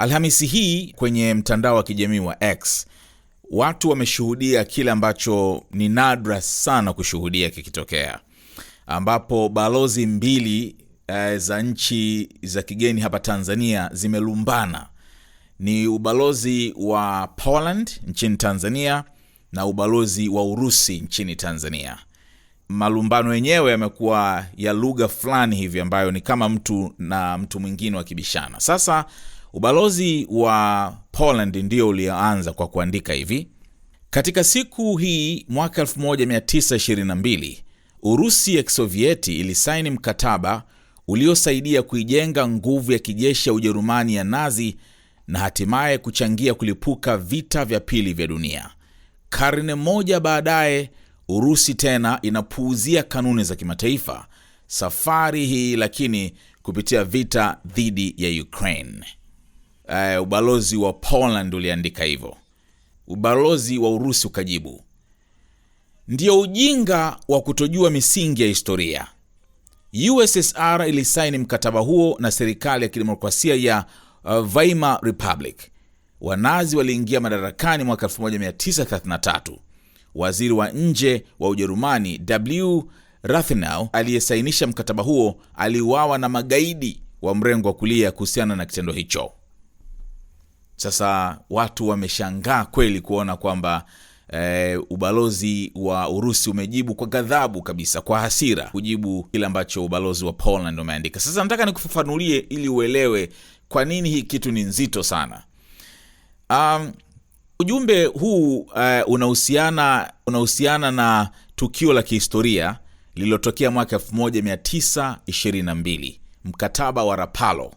Alhamisi hii kwenye mtandao wa kijamii wa X watu wameshuhudia kile ambacho ni nadra sana kushuhudia kikitokea, ambapo balozi mbili e, za nchi za kigeni hapa Tanzania zimelumbana. Ni ubalozi wa Poland nchini Tanzania na ubalozi wa Urusi nchini Tanzania. Malumbano yenyewe yamekuwa ya lugha fulani hivi ambayo ni kama mtu na mtu mwingine wakibishana. Sasa Ubalozi wa Poland ndio ulioanza kwa kuandika hivi: katika siku hii mwaka 1922 Urusi ya Kisovieti ilisaini mkataba uliosaidia kuijenga nguvu ya kijeshi ya Ujerumani ya Nazi na hatimaye kuchangia kulipuka vita vya pili vya dunia. Karne moja baadaye, Urusi tena inapuuzia kanuni za kimataifa, safari hii lakini kupitia vita dhidi ya Ukraine uh, ubalozi wa Poland uliandika hivyo, ubalozi wa Urusi ukajibu. Ndiyo ujinga wa kutojua misingi ya historia. USSR ilisaini mkataba huo na serikali ya kidemokrasia ya uh, Weimar Republic. Wanazi waliingia madarakani mwaka 1933. Waziri wa nje wa Ujerumani W Rathenau aliyesainisha mkataba huo aliuawa na magaidi wa mrengo wa kulia kuhusiana na kitendo hicho. Sasa watu wameshangaa kweli kuona kwamba e, ubalozi wa Urusi umejibu kwa ghadhabu kabisa, kwa hasira, kujibu kile ambacho ubalozi wa Poland umeandika. Sasa nataka nikufafanulie ili uelewe kwa nini hii kitu ni nzito sana. Um, ujumbe huu uh, unahusiana unahusiana na tukio la kihistoria lililotokea mwaka 1922, mkataba wa rapalo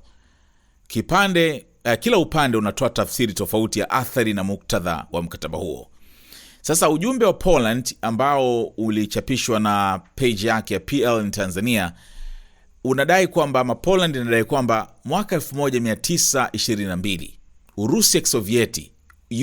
Kipande uh, kila upande unatoa tafsiri tofauti ya athari na muktadha wa mkataba huo. Sasa ujumbe wa Poland ambao ulichapishwa na peji yake ya in Tanzania unadai kwamba Mapoland inadai kwamba mwaka 1922 Urusi ya Kisovieti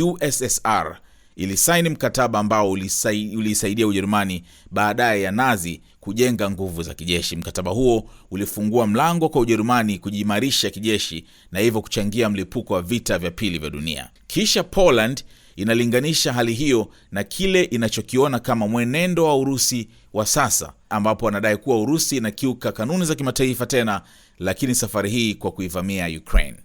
USSR ilisaini mkataba ambao ulisaidia Ujerumani baadaye ya Nazi kujenga nguvu za kijeshi. Mkataba huo ulifungua mlango kwa Ujerumani kujiimarisha kijeshi na hivyo kuchangia mlipuko wa vita vya pili vya dunia. Kisha Poland inalinganisha hali hiyo na kile inachokiona kama mwenendo wa Urusi wa sasa, ambapo anadai kuwa Urusi inakiuka kanuni za kimataifa tena, lakini safari hii kwa kuivamia Ukraine.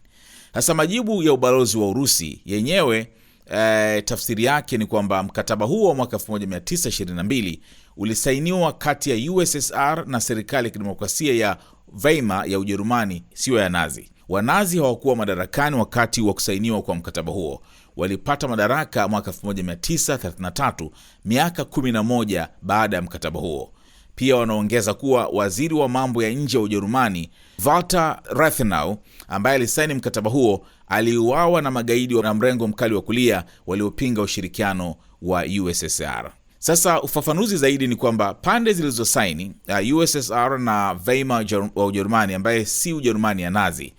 Hasa majibu ya ubalozi wa Urusi yenyewe e, tafsiri yake ni kwamba mkataba huo wa mwaka 1922 ulisainiwa kati ya USSR na serikali ya kidemokrasia ya veima ya Ujerumani, siyo ya Nazi. Wanazi hawakuwa madarakani wakati wa kusainiwa kwa mkataba huo. Walipata madaraka mwaka 1933, miaka 11 baada ya mkataba huo. Pia wanaongeza kuwa waziri wa mambo ya nje ya Ujerumani Walter Rathenau ambaye alisaini mkataba huo aliuawa na magaidi na mrengo mkali wa kulia waliopinga ushirikiano wa USSR. Sasa ufafanuzi zaidi ni kwamba pande zilizosaini uh, USSR na veima wa Ujerumani ambaye si Ujerumani ya Nazi,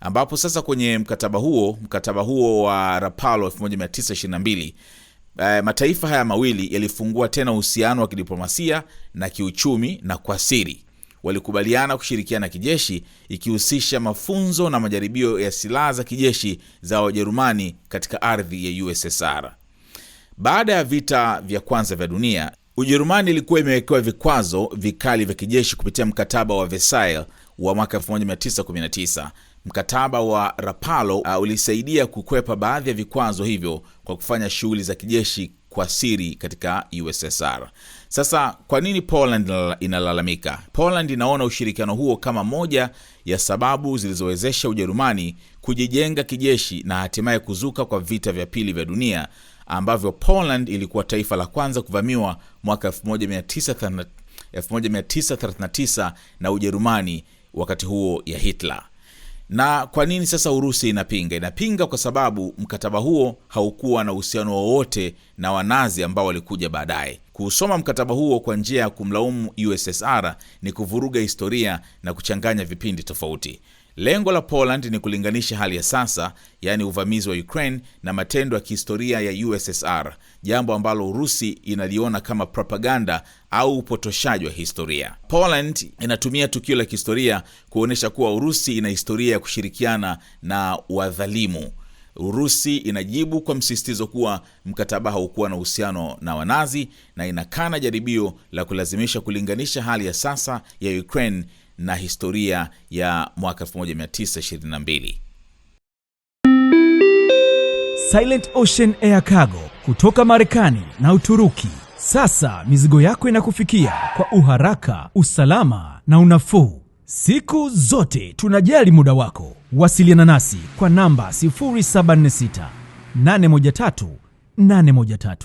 ambapo sasa kwenye mkataba huo mkataba huo wa rapalo 1922 eh, mataifa haya mawili yalifungua tena uhusiano wa kidiplomasia na kiuchumi, na kwa siri walikubaliana kushirikiana kijeshi, ikihusisha mafunzo na majaribio ya silaha za kijeshi za Wajerumani katika ardhi ya USSR. Baada ya vita vya kwanza vya dunia, Ujerumani ilikuwa imewekewa vikwazo vikali vya kijeshi kupitia mkataba wa Versailles wa mwaka 1919 Mkataba wa Rapallo uh, ulisaidia kukwepa baadhi ya vikwazo hivyo kwa kufanya shughuli za kijeshi kwa siri katika USSR. Sasa kwa nini Poland inalalamika? Poland inaona ushirikiano huo kama moja ya sababu zilizowezesha Ujerumani kujijenga kijeshi na hatimaye kuzuka kwa vita vya pili vya dunia ambavyo Poland ilikuwa taifa la kwanza kuvamiwa mwaka 1939 na Ujerumani wakati huo ya Hitler. Na kwa nini sasa Urusi inapinga? Inapinga kwa sababu mkataba huo haukuwa na uhusiano wowote na Wanazi ambao walikuja baadaye. Kuusoma mkataba huo kwa njia ya kumlaumu USSR ni kuvuruga historia na kuchanganya vipindi tofauti. Lengo la Poland ni kulinganisha hali ya sasa, yaani uvamizi wa Ukraine na matendo ya kihistoria ya USSR, jambo ambalo Urusi inaliona kama propaganda au upotoshaji wa historia. Poland inatumia tukio la kihistoria kuonyesha kuwa Urusi ina historia ya kushirikiana na wadhalimu. Urusi inajibu kwa msisitizo kuwa mkataba haukuwa na uhusiano na Wanazi na inakana jaribio la kulazimisha kulinganisha hali ya sasa ya Ukraine na historia ya mwaka 1922. Silent Ocean Air Cargo kutoka Marekani na Uturuki. Sasa mizigo yako inakufikia kwa uharaka, usalama na unafuu. Siku zote tunajali muda wako. Wasiliana nasi kwa namba 076 813 813.